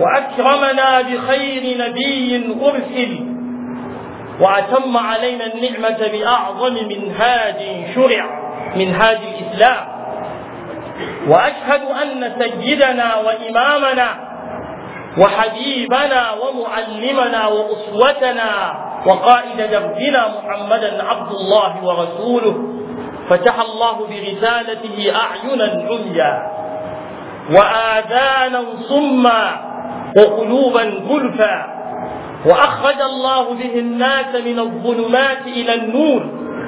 وأكرمنا بخير نبي أرسل وأتم علينا النعمة بأعظم منهاج شرع منهاج الإسلام وأشهد أن سيدنا وإمامنا وحبيبنا ومعلمنا وأسوتنا وقائد دربنا محمدا عبد الله ورسوله فتح الله برسالته أعينا عليا وآذانا صما وقلوبا زلفى واخرج الله به الناس من الظلمات الى النور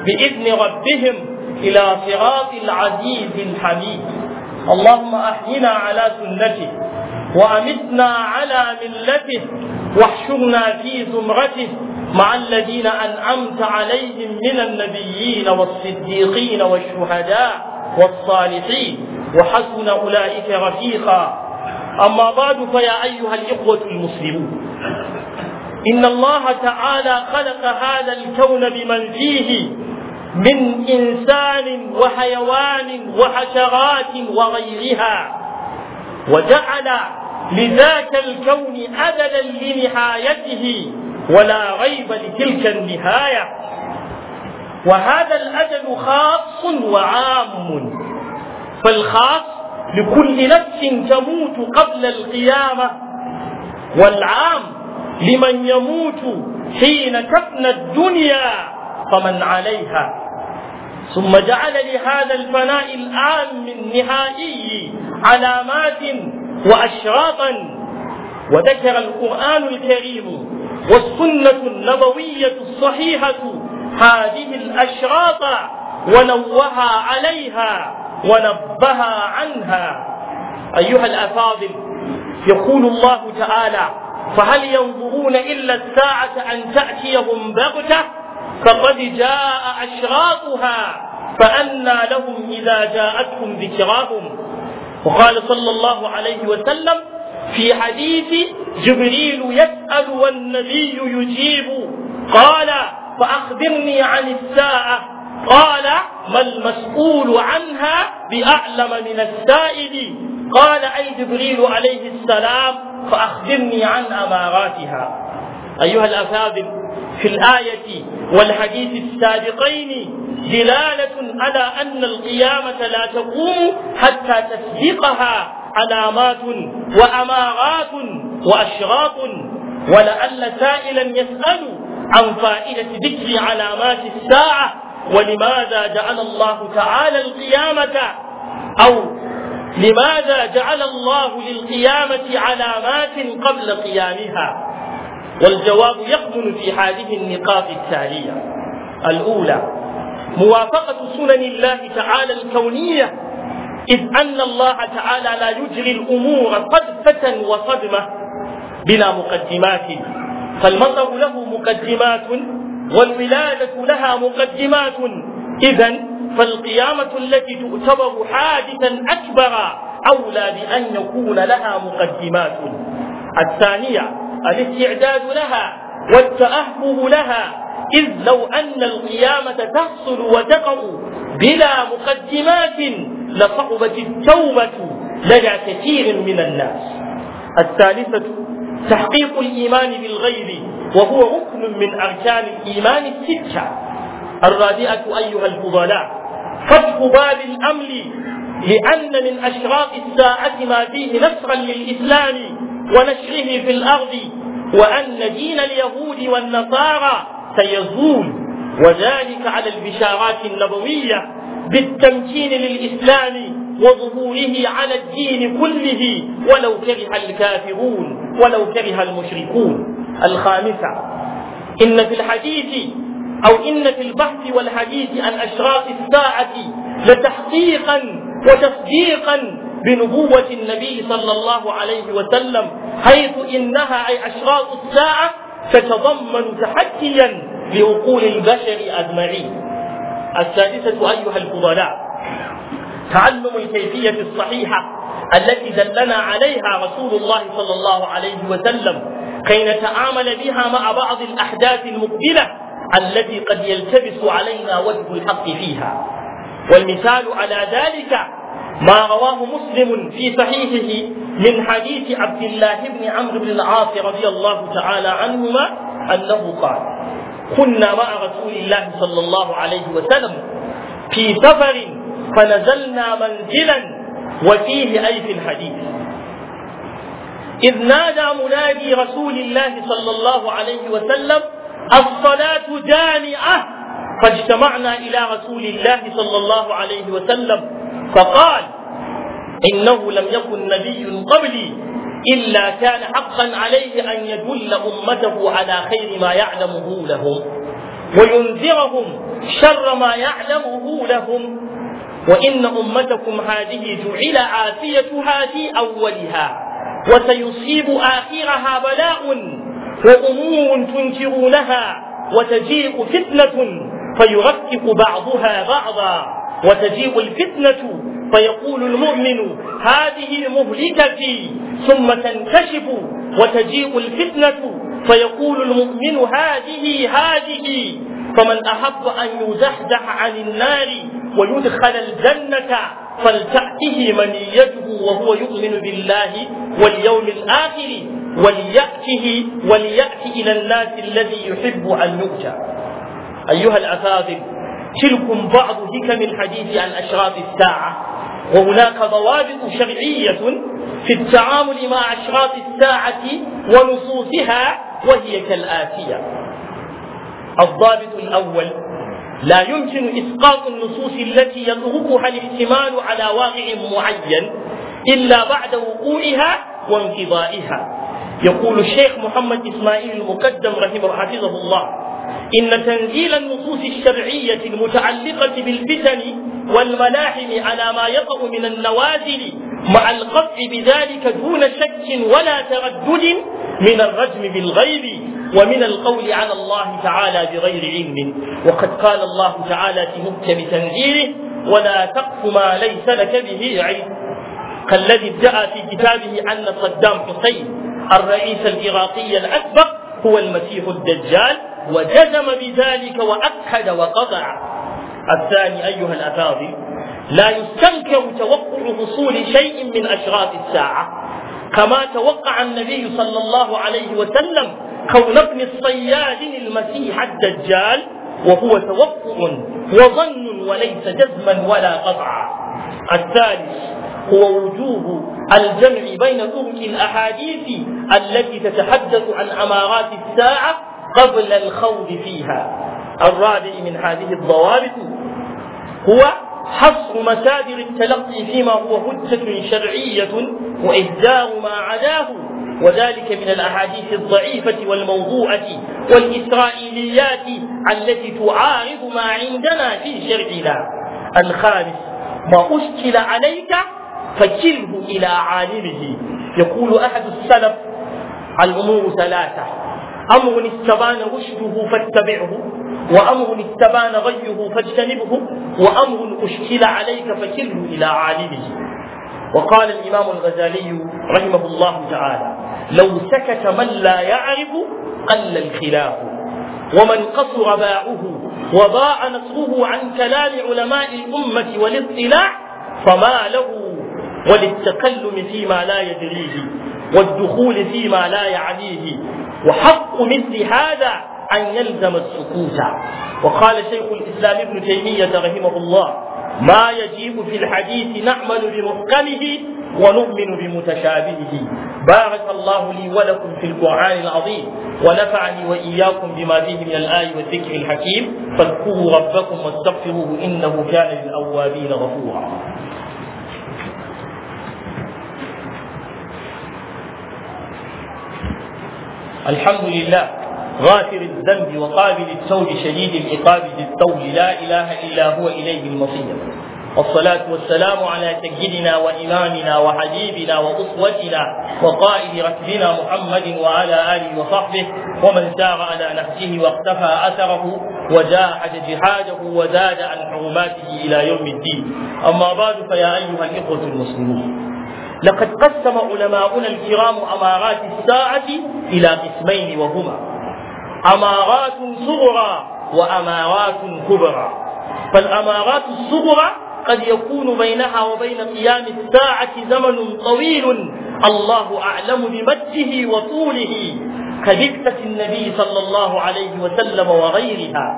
باذن ربهم الى صراط العزيز الحميد اللهم احينا على سنته وامتنا على ملته واحشرنا في زمرته مع الذين انعمت عليهم من النبيين والصديقين والشهداء والصالحين وحسن اولئك رفيقا أما بعد فيا أيها الإخوة المسلمون إن الله تعالى خلق هذا الكون بمن فيه من إنسان وحيوان وحشرات وغيرها وجعل لذاك الكون أبدا لنهايته ولا ريب لتلك النهاية وهذا الأجل خاص وعام فالخاص لكل نفس تموت قبل القيامة والعام لمن يموت حين تفنى الدنيا فمن عليها ثم جعل لهذا الفناء العام النهائي علامات وأشراطا وذكر القرآن الكريم والسنة النبوية الصحيحة هذه الأشراط ونوها عليها ونبها عنها أيها الأفاضل يقول الله تعالى فهل ينظرون إلا الساعة أن تأتيهم بغتة فقد جاء أشراطها فأنى لهم إذا جاءتهم ذكراهم وقال صلى الله عليه وسلم في حديث جبريل يسأل والنبي يجيب قال فأخبرني عن الساعة قال ما المسؤول عنها بأعلم من السائل قال أي جبريل عليه السلام فأخبرني عن أماراتها أيها الأفاضل في الآية والحديث السابقين دلالة على أن القيامة لا تقوم حتى تسبقها علامات وأمارات وأشراط ولعل سائلا يسأل عن فائدة ذكر علامات الساعة ولماذا جعل الله تعالى القيامة أو لماذا جعل الله للقيامة علامات قبل قيامها والجواب يقبل في هذه النقاط التالية الأولى موافقة سنن الله تعالى الكونية إذ أن الله تعالى لا يجري الأمور صدفة وصدمة بلا مقدمات فالمطر له مقدمات والولادة لها مقدمات إذا فالقيامة التي تعتبر حادثا أكبر أولى بأن يكون لها مقدمات الثانية الاستعداد لها والتأهب لها إذ لو أن القيامة تحصل وتقع بلا مقدمات لصعبت التوبة لدى كثير من الناس الثالثة تحقيق الإيمان بالغيب وهو ركن من أركان الإيمان الستة الرابعة أيها الفضلاء فتح باب الأمل لأن من أشراق الساعة ما فيه نصرا للإسلام ونشره في الأرض وأن دين اليهود والنصارى سيزول وذلك على البشارات النبوية بالتمكين للإسلام وظهوره على الدين كله ولو كره الكافرون ولو كره المشركون الخامسة إن في الحديث أو إن في البحث والحديث عن أشراط الساعة لتحقيقا وتصديقا بنبوة النبي صلى الله عليه وسلم حيث إنها أي أشراط الساعة تتضمن تحديا لعقول البشر أجمعين السادسة أيها الفضلاء تعلم الكيفية الصحيحة التي دلنا عليها رسول الله صلى الله عليه وسلم كي نتعامل بها مع بعض الأحداث المقبلة التي قد يلتبس علينا وجه الحق فيها والمثال على ذلك ما رواه مسلم في صحيحه من حديث عبد الله بن عمرو بن العاص رضي الله تعالى عنهما أنه قال كنا مع رسول الله صلى الله عليه وسلم في سفر فنزلنا منزلا وفيه أي في الحديث إذ نادى منادي رسول الله صلى الله عليه وسلم الصلاة جامعة فاجتمعنا إلى رسول الله صلى الله عليه وسلم فقال إنه لم يكن نبي قبلي إلا كان حقا عليه أن يدل أمته على خير ما يعلمه لهم وينذرهم شر ما يعلمه لهم وإن أمتكم هذه جعل عافيتها في أولها وسيصيب آخرها بلاء وأمور تنكرونها وتجيء فتنة فيركب بعضها بعضا وتجيء الفتنة فيقول المؤمن هذه مهلكتي ثم تنكشف وتجيء الفتنة فيقول المؤمن هذه هذه فمن أحب أن يزحزح عن النار ويدخل الجنة فلتأته منيته وهو يؤمن بالله واليوم الآخر وليأته وليأتي إلى الناس الذي يحب أن يؤتى أيها الأفاضل تلكم بعض حكم الحديث عن أشراط الساعة وهناك ضوابط شرعية في التعامل مع أشراط الساعة ونصوصها وهي كالآتية الضابط الأول لا يمكن إسقاط النصوص التي يتركها الاحتمال على واقع معين إلا بعد وقوعها وانقضائها يقول الشيخ محمد إسماعيل المقدم رحمه حفظه الله إن تنزيل النصوص الشرعية المتعلقة بالفتن والملاحم على ما يقع من النوازل مع القطع بذلك دون شك ولا تردد من الرجم بالغيب ومن القول على الله تعالى بغير علم وقد قال الله تعالى في محكم تنزيله ولا تقف ما ليس لك به علم كالذي ادعى في كتابه أن صدام حسين الرئيس العراقي الأسبق هو المسيح الدجال وجزم بذلك وأكد وقطع الثاني أيها الأفاضل لا يستنكر توقع حصول شيء من أشراط الساعة كما توقع النبي صلى الله عليه وسلم كون ابن الصياد المسيح الدجال وهو توقع وظن وليس جزما ولا قطعا الثالث هو وجوب الجمع بين طرق الأحاديث التي تتحدث عن أمارات الساعة قبل الخوض فيها الرابع من هذه الضوابط هو حصر مصادر التلقي فيما هو حجة شرعية وإهدار ما عداه وذلك من الأحاديث الضعيفة والموضوعة والإسرائيليات التي تعارض ما عندنا في شرعنا الخامس ما أشكل عليك فكله إلى عالمه يقول أحد السلف الأمور ثلاثة أمر استبان رشده فاتبعه وأمر استبان غيه فاجتنبه وأمر أشكل عليك فكله إلى عالمه وقال الإمام الغزالي رحمه الله تعالى لو سكت من لا يعرف قل الخلاف ومن قصر باعه وضاع نصره عن كلام علماء الأمة والاطلاع فما له وللتكلم فيما لا يدريه والدخول فيما لا يعنيه وحق مثل هذا أن يلزم السكوت وقال شيخ الإسلام ابن تيمية رحمه الله ما يجيب في الحديث نعمل بمحكمه ونؤمن بمتشابهه بارك الله لي ولكم في القرآن العظيم ونفعني وإياكم بما فيه من الآي والذكر الحكيم فاذكروا ربكم واستغفروه إنه كان للأوابين غفورا الحمد لله غافر الذنب وقابل التوب شديد العقاب ذي الطول لا إله إلا هو إليه المصير والصلاة والسلام على سيدنا وإمامنا وحبيبنا وأسوتنا وقائد ركبنا محمد وعلى آله وصحبه ومن سار على نهجه واقتفى أثره وجاهد جهاده وزاد عن حرماته إلى يوم الدين أما بعد فيا أيها الإخوة المسلمون لقد قسم علماؤنا الكرام أمارات الساعة إلى قسمين وهما أمارات صغرى وأمارات كبرى فالأمارات الصغرى قد يكون بينها وبين قيام الساعة زمن طويل الله أعلم بمده وطوله كبكتة النبي صلى الله عليه وسلم وغيرها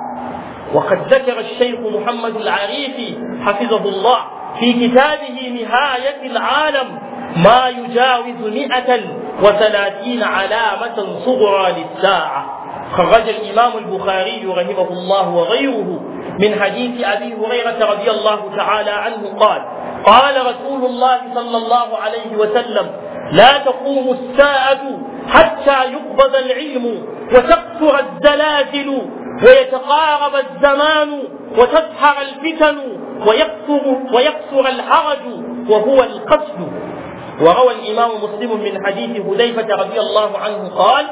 وقد ذكر الشيخ محمد العريفي حفظه الله في كتابه نهاية العالم ما يجاوز مئة وثلاثين علامة صغرى للساعة خرج الإمام البخاري رحمه الله وغيره من حديث أبي هريرة رضي الله تعالى عنه قال قال رسول الله صلى الله عليه وسلم لا تقوم الساعة حتى يقبض العلم وتكثر الزلازل ويتقارب الزمان وتسحر الفتن ويكثر, ويكثر الحرج وهو القتل وروى الإمام مسلم من حديث هذيفة رضي الله عنه قال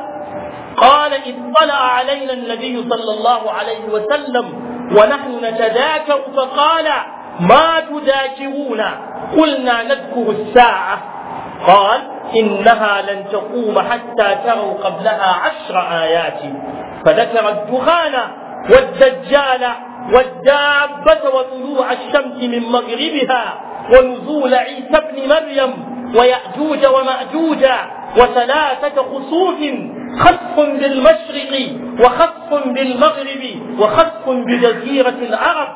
قال اطلع علينا النبي صلى الله عليه وسلم ونحن نتذاكر فقال ما تذاكرون قلنا نذكر الساعة قال إنها لن تقوم حتى تروا قبلها عشر آيات فذكر الدخان والدجال والدابة وطلوع الشمس من مغربها ونزول عيسى ابن مريم ويأجوج ومأجوج وثلاثة خصوف خطف بالمشرق وخطف بالمغرب وخطف بجزيرة العرب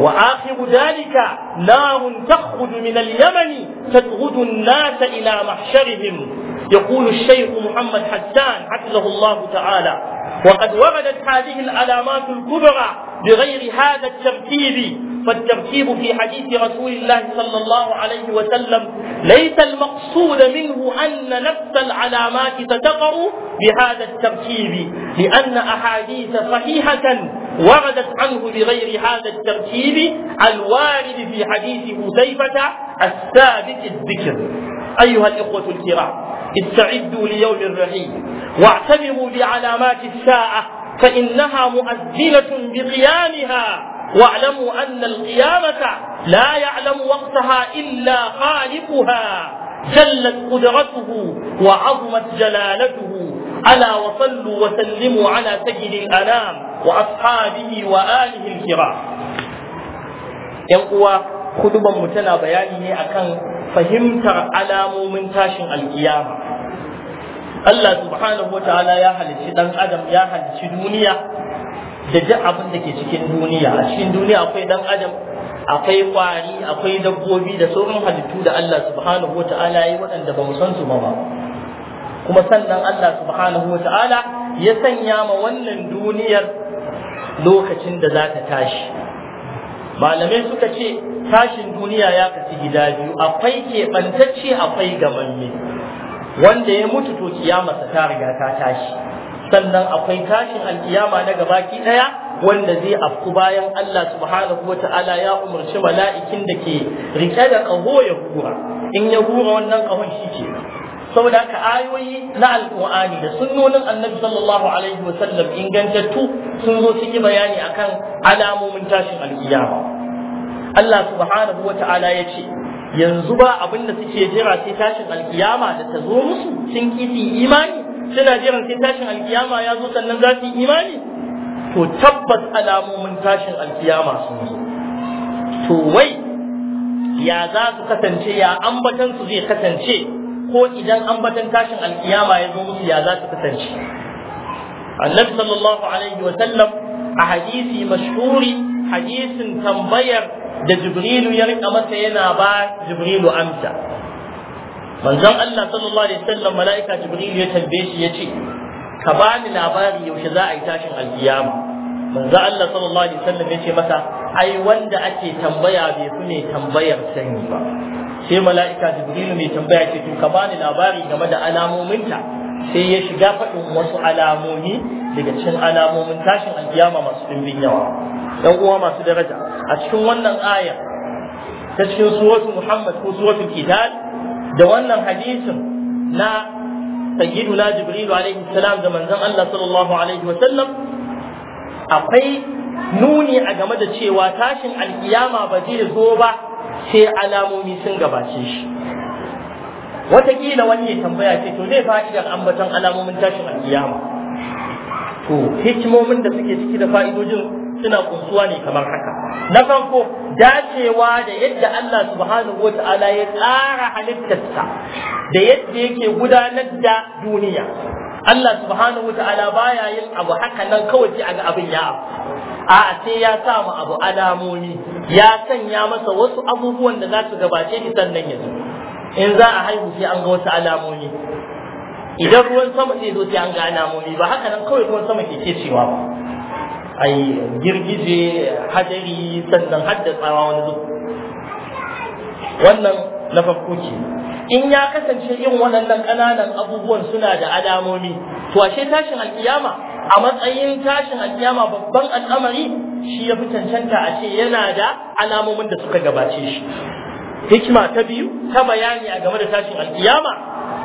وآخر ذلك نار تخرج من اليمن تبغض الناس إلى محشرهم يقول الشيخ محمد حسان حفظه الله تعالى وقد وردت هذه العلامات الكبرى بغير هذا الترتيب فالترتيب في حديث رسول الله صلى الله عليه وسلم ليس المقصود منه أن نفس العلامات تتقر بهذا الترتيب لأن أحاديث صحيحة وردت عنه بغير هذا الترتيب الوارد في حديث حذيفة الثابت الذكر أيها الإخوة الكرام استعدوا ليوم الرحيل واعتبروا بعلامات الساعة فإنها مؤذنة بقيامها واعلموا ان القيامه لا يعلم وقتها الا خالقها جلت قدرته وعظمت جلالته الا وصلوا وسلموا على سيد الانام واصحابه واله الكرام خطبًا متنا بيانه أكن فهمت على مؤمن تاشن القيامة الله سبحانه وتعالى يا حل الشيطان أدم يا حل الدنيا da duk abin da ke cikin duniya a cikin duniya akwai dan adam akwai kwari akwai dabbobi da sauran halittu da Allah subhanahu wata'ala ya yi waɗanda ba mu san su ba kuma sannan Allah subhanahu wata'ala ya sanya ma wannan duniyar lokacin da za ta tashi malamai suka ce tashin duniya ya kasu gida biyu akwai keɓantacce akwai gamanne wanda ya mutu to kiyamarsa ta riga ta tashi sannan akwai tashin alkiyama na ki daya wanda zai afku bayan Allah subhanahu wata'ala ya umarci mala'ikin da ke rike da kaho ya hura in ya hura wannan kahon shi ke saboda haka ayoyi na alkur'ani da sunnonin annabi sallallahu alaihi sallam ingantattu sun zo sun yi bayani akan alamomin tashin alkiyama Allah subhanahu wata'ala ya ce yanzu ba abin da suke jira sai tashin alkiyama da ta zo musu sun kifi imani suna jiran sai tashin alkiyama ya zo sannan za su yi imani to tabbas alamomin tashin alkiyama sun zo to wai ya za su kasance ya ambatan su zai kasance ko idan ambatan tashin alkiyama ya zo musu ya za su kasance annabi sallallahu alaihi wa sallam a hadisi mashhuri hadisin tambayar da jibrilu ya rika masa yana ba jibrilu amsa manzon Allah sallallahu alaihi wasallam mala'ika jibril ya tambaye shi yace ka bani labari yaushe za a yi tashin alkiyama manzon Allah sallallahu alaihi wasallam yace masa ai wanda ake tambaya bai fi ne tambayar sani ba sai mala'ika jibril mai tambaya ce to ka bani labari game da alamominta sai ya shiga faɗin wasu alamomi daga cikin alamomin tashin alkiyama masu dimbin yawa Ɗan uwa masu daraja a cikin wannan aya ta cikin suratul muhammad ko suratul kitab da wannan hadisin na sayyiduna jibril alaihi salam da manzon Allah sallallahu alaihi wasallam akwai nuni a game da cewa tashin alkiyama ba zai zo ba sai alamomi sun gabace shi watakila wani ya tambaya ce to zai fa'idar ambaton alamomin tashin alkiyama to hikimomin da suke ciki da fa'idojin suna kunsuwa ne kamar haka na farko dacewa da yadda Allah subhanahu wa ta'ala ya tsara halittarsa da yadda yake gudanar da duniya Allah subhanahu wa ta'ala baya yin abu haka nan kawai sai ga abin ya a sai ya sa mu abu alamomi ya sanya masa wasu abubuwan da za su gabace shi sannan ya zo in za a haihu sai an ga wasu alamomi idan ruwan sama zai zo sai an ga alamomi ba haka nan kawai ruwan sama ke cewa ba ai girgije hadari sannan haddasa wani zuwa wannan na farko ke in ya kasance yin waɗannan ƙananan abubuwan suna da alamomi to ashe tashin alkiyama a matsayin tashin alkiyama babban al'amari shi ya fi cancanta a ce yana da alamomin da suka gabace shi hikima ta biyu ta bayani a game da tashin alkiyama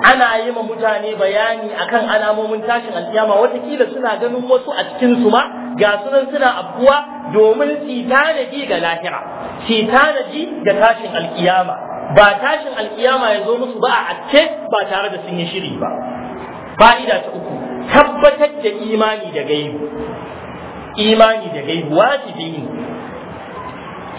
ana yi ma mutane bayani akan alamomin tashin alkiyama watakila suna ganin wasu a cikin su ma ga sunan suna abuwa domin su ga lahira su ga tashin alkiyama ba tashin alkiyama ya zo musu ba a acce ba tare da sun yi shiri ba fa'ida ta uku tabbatar da imani da gaibu imani da gaibu wajibi ne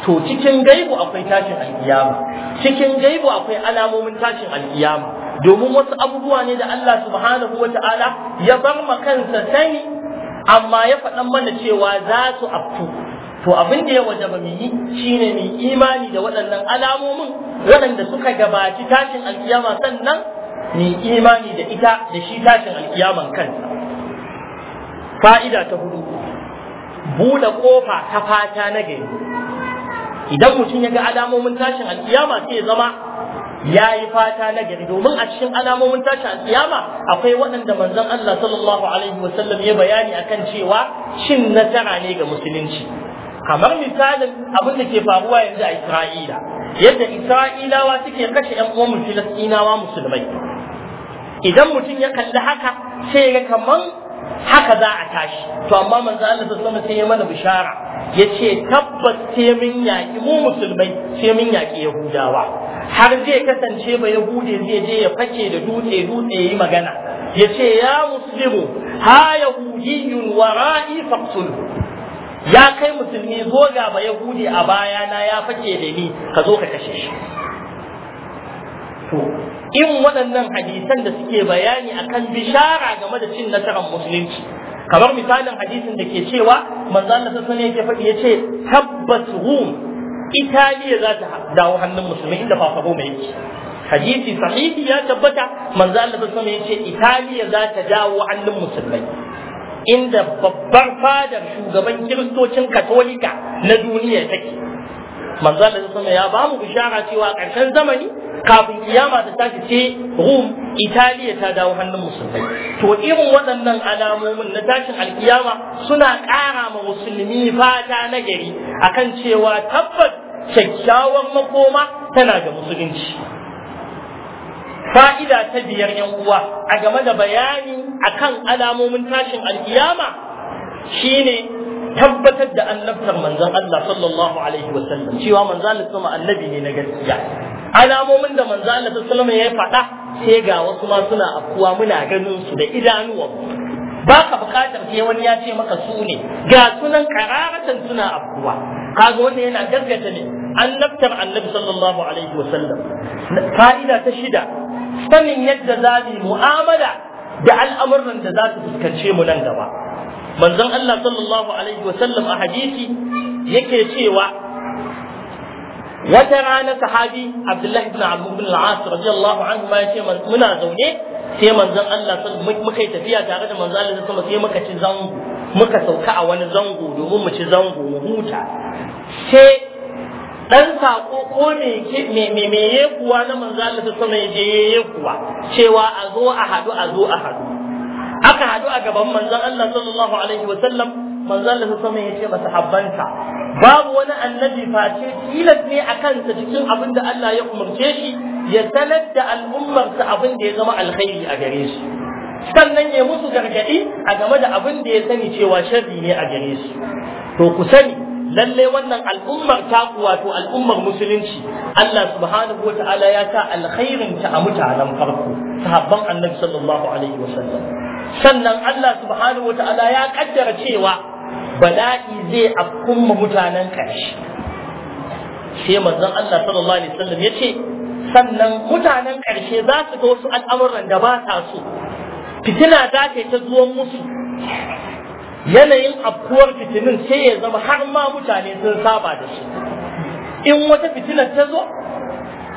to cikin gaibu akwai tashin alkiyama cikin gaibu akwai alamomin tashin alkiyama domin wasu abubuwa ne da Allah subhanahu wa ta'ala ya bar ma kansa sani amma ya faɗan mana cewa za su afku to abin da ya wajaba mu yi shine mu imani da waɗannan alamomin waɗanda suka gabaci tashin alkiyama sannan mu imani da ita da shi tashin alkiyaman kansa fa'ida ta hudu buɗe ƙofa ta fata na gari idan mutum ya ga alamomin tashin alkiyama sai ya zama ya yi fata na gari domin a cikin alamomin tashi alkiyama akwai waɗanda manzon Allah sallallahu alaihi wasallam ya bayani akan cewa cin nasara ne ga musulunci kamar misalin abin da ke faruwa yanzu a Isra'ila yadda Isra'ilawa suke kashe ƴan uwan Filistinawa musulmai idan mutum ya kalli haka sai ya kaman haka za a tashi to amma manzo Allah sallallahu alaihi sai ya mana bishara yace tabbas sai mun yaki mu musulmai sai mun yaki Yahudawa har zai kasance ba bude zai je ya fake da dutse dutse yi magana ya ce ya muslimu ha yun wara'i faqtul ya kai musulmi zo ga ba yahudi a na ya fake da ni ka zo ka kashe shi to in waɗannan hadisan da suke bayani akan bishara game da cin nasarar musulunci kamar misalin hadisin da ke cewa manzo Allah sallallahu alaihi wasallam yake faɗi yace tabbas italiya za ta dawo hannun musulmi inda fafa goma yake hadisi sahihi ya tabbata manzo Allah sallallahu alaihi yace italiya za ta dawo hannun musulmai inda babbar fadar shugaban kiristocin katolika na duniya take manzo Allah ya ba mu bishara cewa ƙarshen zamani kafin kiyama ta tashi ce Rum Italiya ta dawo hannun musulmai to irin waɗannan alamomin na tashin alkiyama suna ƙara ma musulmi fata na gari akan cewa tabbas kyakkyawar makoma tana da musulunci fa'ida ta biyar yan uwa a game da bayani akan alamomin tashin alkiyama shine tabbatar da annabtar manzon Allah sallallahu alaihi wasallam cewa manzon Allah sama annabi ne na gaskiya alamomin da manzon Allah sallallahu alaihi ya faɗa sai ga wasu ma suna afkuwa muna ganin su da idanuwa? ba ka bukatar sai wani ya ce maka su ne ga sunan kararatan suna afkuwa kaga wannan yana gaskata ne annabtar annabi sallallahu alaihi wa sallam fa'ida ta shida sanin yadda za mu mu'amala da al'amuran da za su fuskance mu nan gaba manzon Allah sallallahu alaihi wa sallam a hadisi yake cewa wata rana sahabi Abdullahi ibn Abu bin al-As radiyallahu anhu ma yace muna zaune sai manzon Allah muka yi tafiya tare da manzon Allah sai muka ci zango muka sauka a wani zango domin mu ci zango mu huta sai dan sako ko me me me ye kuwa na manzo Allah ta sama je ye kuwa cewa a zo a hadu a zo a hadu aka hadu a gaban manzon Allah sallallahu alaihi wa sallam manzon Allah ta sama ya ce masa habbanta babu wani annabi face tilas ne a kansa cikin abin da Allah ya umarce shi ya sanar da al'ummarsa abin da ya zama alkhairi a gare shi sannan ya musu gargaɗi a game da abin da ya sani cewa sharri ne a gare su to ku sani lallai wannan al'ummar taku wato al'ummar musulunci Allah subhanahu wa ta'ala ya sa alkhairin ta a mutanen farko sahabban annabi sallallahu alaihi wa sallam sannan Allah subhanahu wa ta'ala ya kaddara cewa bala'i zai afkumma mutanen ƙarshe sai manzon Allah sallallahu alaihi wasallam ya ce sannan mutanen ƙarshe za su ga wasu al'amuran da ba ta so fitina za ta yi ta zuwan musu yanayin afkuwar fitinin sai ya zama har ma mutane sun saba da shi in wata fitina ta zo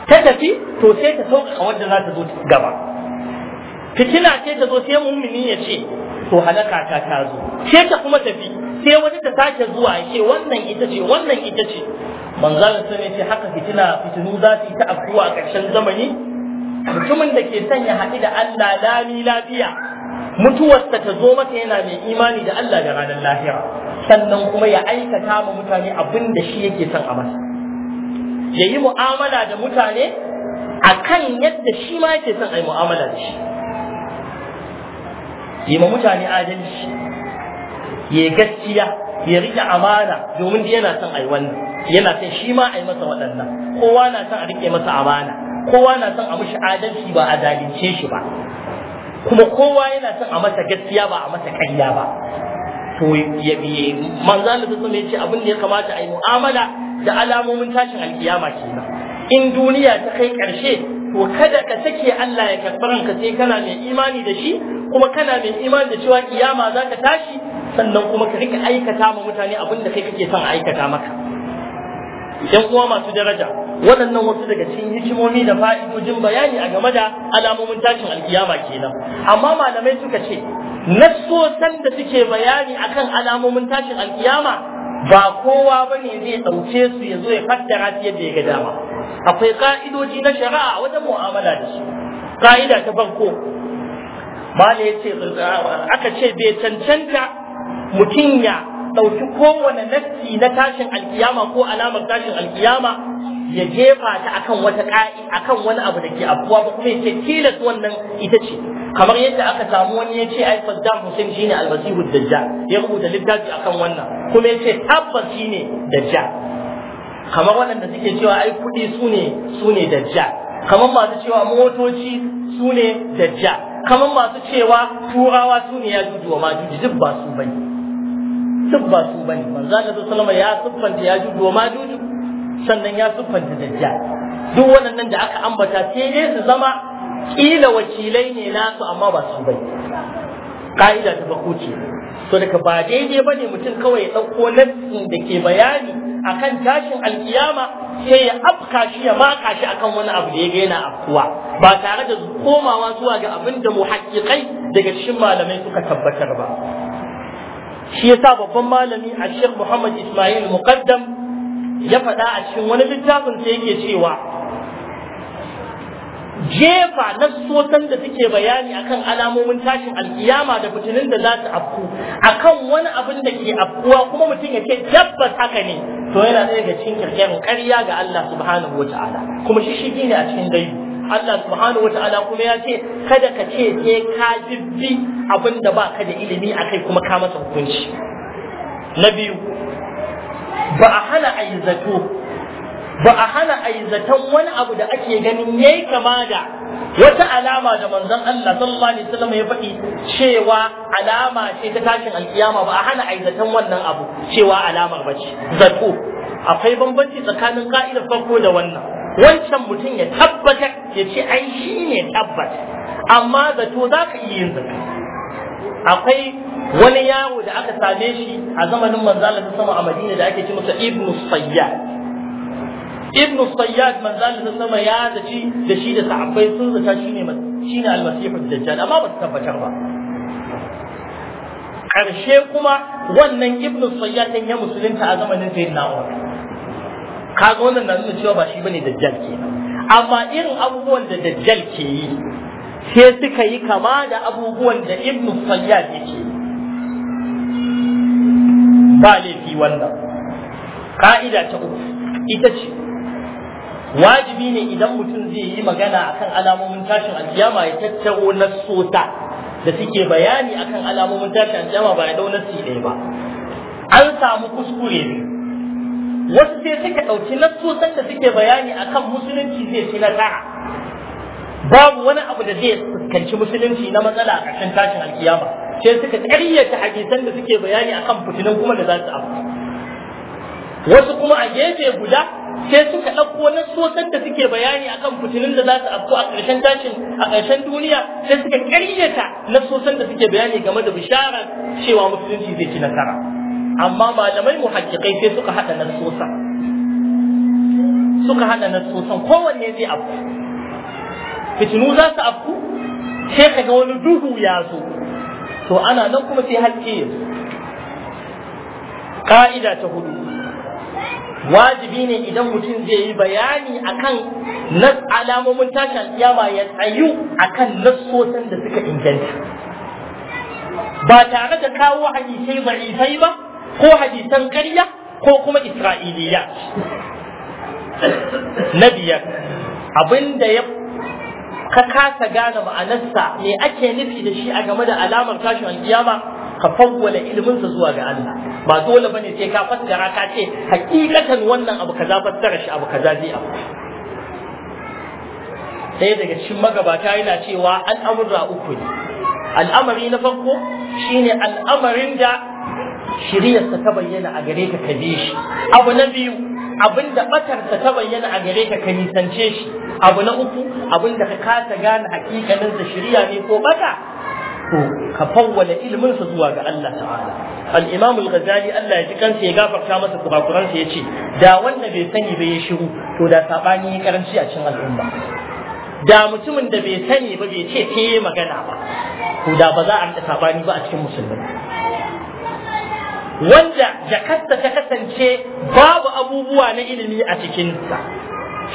ta tafi to sai ta sauƙaƙa wanda za ta zo gaba fitina sai ta zo sai mummuni ya ce to halaka ta ta zo sai ta kuma tafi sai wata ta sake zuwa ya ce wannan ita ce wannan ita ce manzalin sun ce haka fitina fitinu za su yi ta afkuwa a ƙarshen zamani mutumin da ke son ya haɗu da Allah lami lafiya mutuwarsa ta zo maka yana mai imani da Allah da ranar lahira sannan kuma ya aikata ma mutane abin da shi yake son a masa ya yi mu'amala da mutane a kan yadda shi ma yake son a yi mu'amala da shi yi ma mutane adalci ya gaskiya ya rike amana domin yana son a yi wannan yana son shi ma a yi masa waɗannan kowa na son a rike masa amana kowa na son a mishi adalci ba a zalunce shi ba kuma kowa yana son a masa gaskiya ba a masa karya ba to ya biye manzo Allah sun ya ce abin da ya kamata a yi mu'amala da alamomin tashin alkiyama kenan in duniya ta kai ƙarshe to kada ka sake Allah ya karbaran ka sai kana mai imani da shi kuma kana mai imani da cewa kiyama za ka tashi sannan kuma ka rika aikata ma mutane abin da kai kake son a aikata maka yan uwa masu daraja waɗannan wasu daga cikin hikimomi da fa'idojin bayani a game da alamomin tashin alkiyama kenan amma malamai suka ce nassosan da suke bayani akan alamomin tashin alkiyama ba kowa bane zai ɗauke su ya zo ya faddara su yadda ya ga dama akwai ka'idodi na shari'a wajen mu'amala da su ka'ida ta farko ba ne aka ce bai cancanta mutum ya ɗauki kowane nassi na tashin alkiyama ko alamar tashin alkiyama ya jefa ta akan wata ka'i akan wani abu da ke afuwa ba kuma yake tilas wannan ita ce kamar yadda aka samu wani ya ce ai Saddam Hussein shine almasihu dajjal ya rubuta littafi akan wannan kuma ya ce tabbas shine dajjal kamar waɗanda suke cewa ai kuɗi su ne su ne dajjal kamar masu cewa motoci su ne dajjal kamar masu cewa turawa su ne ya jujuwa ma juji duk ba su bane duk ba su bane manzo Allah sallallahu alaihi ya siffanta ya juju ma juju sannan ya siffanta dajjal duk wannan da aka ambata sai dai su zama kila wakilai ne nasu amma ba su bane ka'ida ta ba ce to daga ba daidai bane mutum kawai ya ɗauko nassin da ke bayani akan tashin alkiyama sai ya afka shi ya maka shi akan wani abu da ya ga yana afkuwa ba tare da komawa zuwa ga abin da muhaqqiqai daga cikin malamai suka tabbatar ba shi yasa babban malami a Sheikh Muhammad Ismail Muqaddam ya faɗa a cikin wani littafin sai yake cewa jefa nassosan da suke bayani akan alamomin tashin alkiyama da fitinin da za su afku akan wani abin da ke afkuwa kuma mutum ya ce tabbas haka ne to yana ɗaya ga cikin kirkirin ƙarya ga Allah subhanahu wa ta'ala kuma shi shi ne a cikin daidu Allah subhanahu ta'ala kuma ya ce kada ka ce sai ka jibbi abin da baka da ilimi akai kuma ka masa hukunci na biyu ba a hana a ba a hana a zaton wani abu da ake ganin yayi kama da wata alama da manzon Allah sallallahu alaihi wasallam ya faɗi cewa alama ce ta tashin alkiyama ba a hana a zaton wannan abu cewa alamar bace zato akwai bambanci tsakanin ka'idar farko da wannan wancan mutum ya tabbatar ya ce ai shi ne tabbata amma zato za ka iya yin zato akwai wani yawo da aka same shi a zamanin manzala ta sama a madina da ake ce masa ibnu sayyad ibnu sayyad manzala ta sama ya zaci da shi da sahabbai sun zata shi ne shi ne almasihu dajjal amma ba su tabbatar ba karshe kuma wannan ibnu sayyad ya musulunta a zamanin sayyidina umar kaga wannan na nuna cewa ba shi bane dajjal ke amma irin abubuwan da dajjal ke yi sai suka yi kama da abubuwan da ibnu sayyad yake ba laifi wannan ka'ida ta uku ita ce wajibi ne idan mutum zai yi magana akan alamomin tashin alkiyama ya tattaro na sota da suke bayani akan alamomin tashin alkiyama ba ya dau nasi ɗaya ba an samu kuskure ne wasu sai suka ɗauki nassosan da suke bayani akan musulunci zai ci nasara babu wani abu da zai fuskanci musulunci na matsala a ƙarshen tashin alkiyama sai suka ƙaryata hadisan da suke bayani akan fitinan kuma da za su abu wasu kuma a gefe guda sai suka ɗauko nassosan da suke bayani akan fitinin da za su abu a ƙarshen tashin a ƙarshen duniya sai suka ƙaryata nassosan da suke bayani game da bishara cewa musulunci zai ci nasara amma malamai muhaqqiqai sai suka hada sosan suka hada nan nasosan kowanne zai afku fitinu za su afku sai kaga wani duhu ya zo to ana nan kuma sai haske ka'ida ta hudu wajibi ne idan mutum zai yi bayani akan nas alamomin tashin alkiyama ya tsayu akan nassosan da suka inganta ba tare da kawo hadisai da'ifai ba ko hadisan ƙarya ko kuma isra'iliya na biyar abinda ya ka kasa gane ma'anarsa me ake nufi da shi a game da alamar tashin alkiyama ka fawwala iliminsa zuwa ga Allah ba dole bane sai ka fassara ka ce hakikatan wannan abu kaza fassara shi abu kaza zai abu Sai daga cikin magabata yana cewa al'amurra uku ne al'amari na farko shine al'amarin da shiriyarsa ta bayyana a gare ka bi shi abu na biyu abinda batarsa ta bayyana a gare ka ka nisance shi abu na uku abinda ka kasa gane hakikaninsa shiriya ne ko bata to ka fawwala ilminsa zuwa ga Allah ta'ala al-imam al-ghazali Allah ya ji kansa ya gafarta masa kurakuransa ya ce da wanda bai sani ba ya shiru to da sabani ya karanci a cikin al'umma da mutumin da bai sani ba bai ce ke magana ba to da ba za a rika sabani ba a cikin musulunci. wanda jakarta ta kasance babu abubuwa na ilimi a cikinsa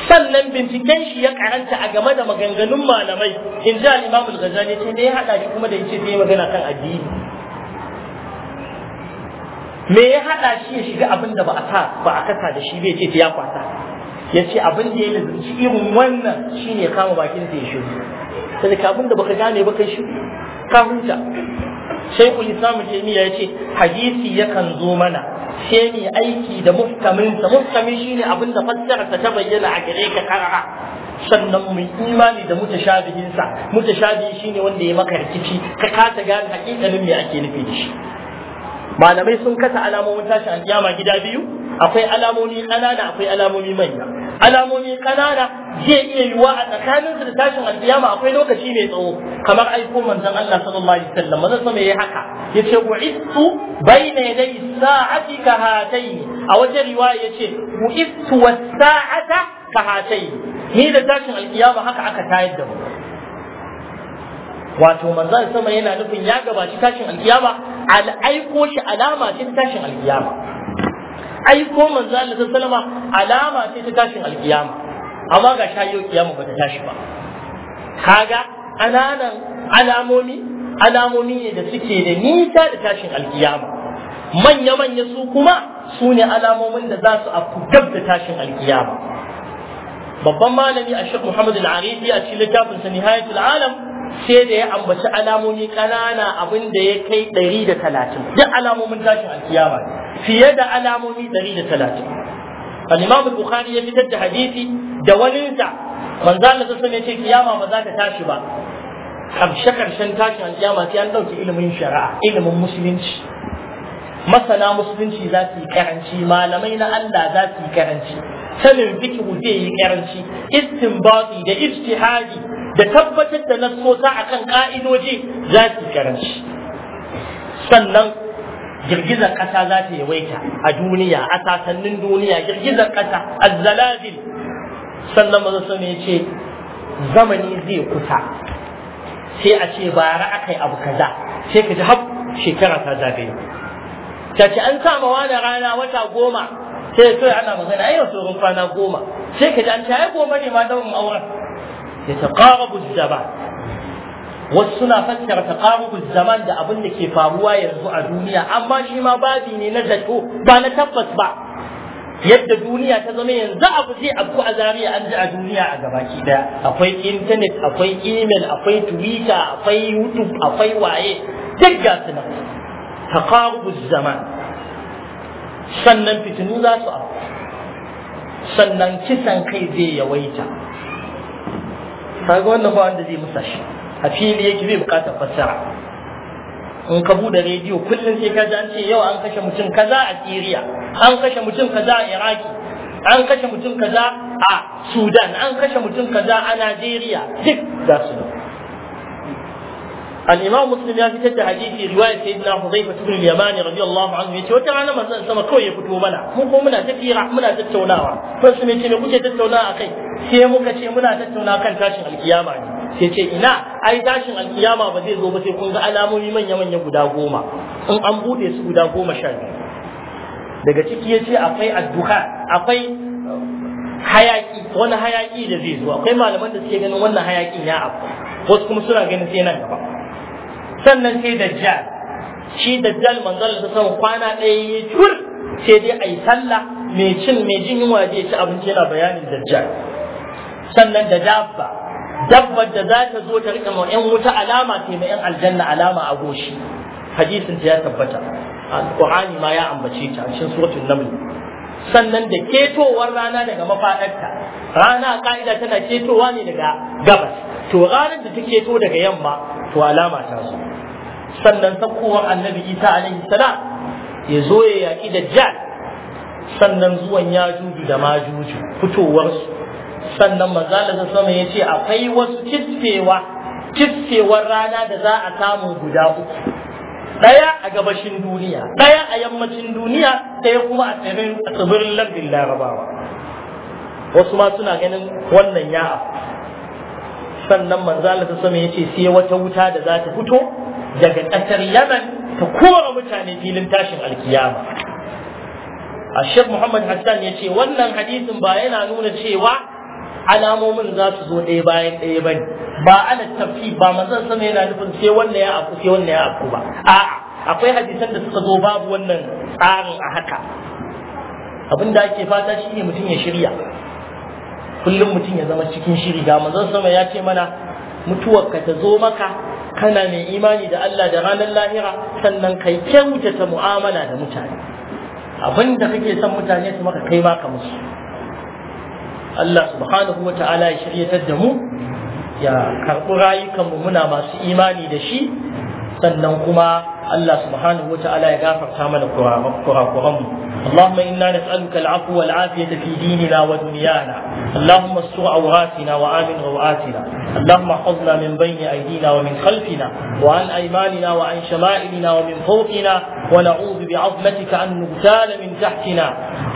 sannan binciken shi ya karanta a game da maganganun malamai in ji al-imam al-ghazali ce da ya hada shi kuma da yace zai magana kan addini me ya hada shi ya shiga abin da ba a kasa da shi bai ce ya kwasa ya ce abin da ya lazumci irin wannan shine kama bakin ya shiru sai kafin da baka gane baka shiru ka huta shaikul islam taimiyya ya ce hadisi yakan zo mana sai ne aiki da mufkamin sa mufkamin shine abin da fassararsa ta bayyana a gare ka karara sannan mu imani da mutashabihin sa mutashabihi shine wanda ya maka rikici ka kasa gane hakikanin me ake nufi da shi malamai sun kasa alamomin tashin kiyama gida biyu akwai alamomi ƙanana akwai alamomi manya alamomi kanana zai iya yiwuwa a tsakaninsu da tashin alkiyama akwai lokaci mai tsawo kamar aiko manzon Allah sallallahu alaihi wasallam manzon sama yayi haka yace bu'istu baina yaday sa'ati ka hatayn a wajen riwaya yace bu'istu was sa'ata ka hatayn ni da tashin alkiyama haka aka tayar da mu wato manzon sama yana nufin ya gabaci tashin alkiyama al aiko shi alama ce tashin alkiyama aiko manzo Allah sallama alama ce ta tashin alkiyama amma ga shayo kiyama bata tashi ba kaga ananan alamomi alamomi ne da suke da nisa da tashin alkiyama manya manya su kuma su ne alamomin da za su afku gab da tashin alkiyama babban malami a shek muhammad al-arifi a cikin littafin sa nihayatul alam sai da ya ambaci alamomi kanana abin da ya kai 130 duk alamomin tashin alkiyama ne fiye da alamomi 130 al-imam al-bukhari ya fitar da hadisi da walinsa manzo Allah sallallahu alaihi wasallam kiyama ba za ta tashi ba karshe karshen tashin al-kiyama sai an dauki ilimin shari'a ilimin musulunci masana musulunci za su yi karanci malamai na Allah za su yi karanci sanin fikihu zai yi karanci istinbati da ijtihadi da tabbatar da nasosa akan ka'idoji za su yi karanci sannan girgizar ƙasa za ta yawaita a duniya a sasannin duniya girgizar ƙasa azzalazil sannan maza sun ya ce zamani zai kusa sai a ce bara aka yi abu kaza sai ka ji hab shekara ta zagaye ta ce an sa mawa da rana wata goma sai ya ana magana ai yau kwana goma sai ka ji an ce ai goma ne ma zaman auren ya ta ƙara buzzaba wasu suna fassara taqarubuz zaman da abin da ke faruwa yanzu a duniya amma shi ma babi ne na zato ba na tabbas ba yadda duniya ta zama yanzu abu zai abu a zariya an ji a duniya a gabaki daya akwai intanet akwai email akwai twitter akwai youtube akwai waye duk ga su nan taqarubuz zaman sannan fitinu za su abu sannan kisan kai zai yawaita kaga wannan ba wanda zai musa shi a fili yake bai bukatar fassara in ka bude rediyo kullum sai ka ji an ce yau an kashe mutum kaza a Syria an kashe mutum kaza a Iraki an kashe mutum kaza a Sudan an kashe mutum kaza a Najeriya duk za su da الإمام مسلم يا فتاة حديث رواية سيدنا حذيفة بن اليمان رضي الله عنه يتي وتعالى ما زال سما كوي يفتو منا مو كو منا تفيرا منا تتونا فسمي تي مكوكي تتونا أكي سي مكتي منا تتونا كان تاشن القيامة sai ce ina ai tashin alkiyama ba zai zo ba sai kun ga alamomi manya manya guda goma in an bude su guda goma sha biyu daga ciki yace akwai adduha akwai uh, hayaki wani hayaki da zai zo akwai malaman da suke ganin wannan hayakin ya abu wasu kuma suna ganin sai nan gaba sannan sai dajjal shi dajjal manzon ta sama kwana ɗaya ya tur sai dai ayi sallah mai cin mai jin yunwa ya ci abinci yana bayanin dajjal sannan da dabba dabbar da za ta zo ta riƙa ma yan wuta alama ce yan aljanna alama a goshi hadisin ta ya tabbata alqur'ani ma ya ambace ta cikin suratul naml sannan da ketowar rana daga mafadarta rana ka'ida tana ketowa ne daga gabas to ranar da ta keto daga yamma to alama ta zo sannan sakkowar annabi isa alaihi salam ya zo ya yaƙi da jal sannan zuwan yajuju da majuju fitowarsu sannan manzala sama ya ce akwai wasu kisfewa kisfewar rana da za a samu guda uku ɗaya a gabashin duniya ɗaya a yammacin duniya ɗaya kuma a tsibirin lardin larabawa wasu ma suna ganin wannan ya sannan manzala sama ya ce sai wata wuta da za ta fito daga ƙasar yaman ta kora mutane filin tashin alkiyama a shek muhammad hassan ya ce wannan hadisin ba yana nuna cewa alamomin za su zo ɗaya bayan ɗaya bane ba ana tafi ba mazan sama yana nufin sai wannan ya aku sai wannan ya aku ba a'a akwai hadisan da suka zo babu wannan tsarin a haka abin da ake fata shi ne mutum ya shirya kullum mutum ya zama cikin shiri ga mazan sama ya ce mana mutuwar ka ta zo maka kana mai imani da Allah da ranar lahira sannan kai kyautata mu'amala da mutane abin da kake son mutane su maka kai maka musu Allah subhanahu wa ta'ala ya shiryatar da mu ya karɓi rayukanmu muna masu imani da shi sannan kuma Allah subhanahu wa ta'ala ya gafarta mana kurakuranmu اللهم إنا نسألك العفو والعافية في ديننا ودنيانا اللهم استر عوراتنا وآمن روآتنا اللهم احفظنا من بين أيدينا ومن خلفنا وعن أيماننا وعن شمائلنا ومن فوقنا ونعوذ بعظمتك أن نغتال من تحتنا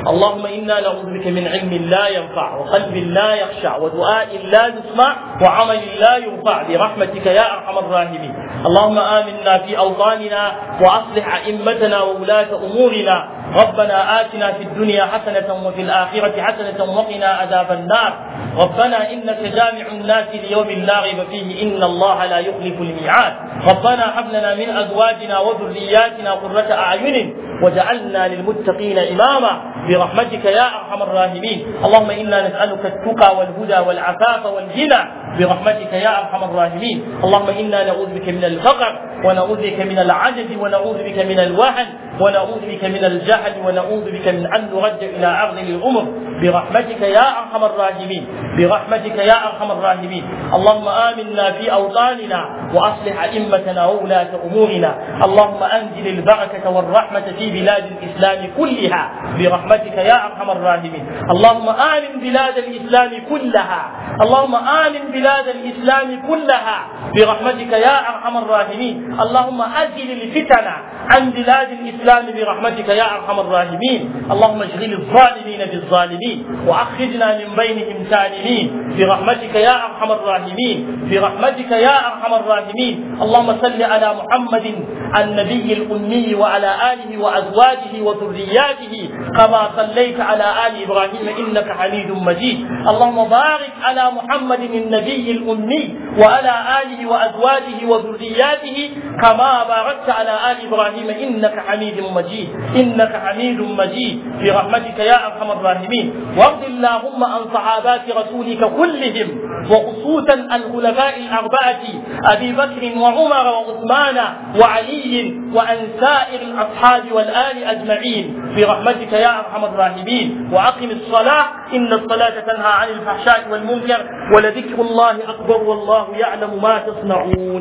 اللهم إنا نعوذ بك من علم لا ينفع وقلب لا يخشع ودعاء لا يسمع وعمل لا ينفع برحمتك يا أرحم الراحمين اللهم آمنا في أوطاننا وأصلح أئمتنا وولاة أمورنا ربنا آتنا في الدنيا حسنة وفي الآخرة حسنة وقنا عذاب النار ربنا إنك جامع الناس ليوم لا ريب فيه إن الله لا يخلف الميعاد ربنا هب لنا من أزواجنا وذرياتنا قرة أعين وجعلنا للمتقين إماما برحمتك يا أرحم الراحمين اللهم إنا نسألك التقى والهدى والعفاف والغنى برحمتك يا أرحم الراحمين اللهم إنا نعوذ بك من الفقر ونعوذ بك من العجز ونعوذ بك من الوهن ونعوذ بك من الجهل ونعوذ بك من أن نرد إلى أرض الأمر برحمتك يا أرحم الراحمين برحمتك يا أرحم الراحمين اللهم آمنا في أوطاننا وأصلح أئمتنا وولاة أمورنا اللهم أنزل البركة والرحمة في بلاد الإسلام كلها برحمتك يا أرحم الراحمين اللهم آمن بلاد الإسلام كلها اللهم آمن بلاد الإسلام كلها برحمتك يا أرحم الراحمين اللهم أزل الفتن عن بلاد الإسلام برحمتك يا أرحم الراحمين اللهم اجعل الظالمين بالظالمين وأخرجنا من بينهم سالمين برحمتك يا أرحم الراحمين برحمتك يا أرحم الراحمين اللهم صل على محمد النبي الأمي وعلى آله وأزواجه وذرياته كما صليت على آل إبراهيم إنك حميد مجيد اللهم بارك على محمد النبي الأمي وعلى آله وأزواجه وذرياته كما باركت على آل إبراهيم إبراهيم إنك حميد مجيد إنك حميد مجيد برحمتك يا أرحم الراحمين وارض اللهم عن صحابات رسولك كلهم وخصوصا الخلفاء الأربعة أبي بكر وعمر وعثمان وعلي وعن سائر الأصحاب والآل أجمعين برحمتك يا أرحم الراحمين وأقم الصلاة إن الصلاة تنهى عن الفحشاء والمنكر ولذكر الله أكبر والله يعلم ما تصنعون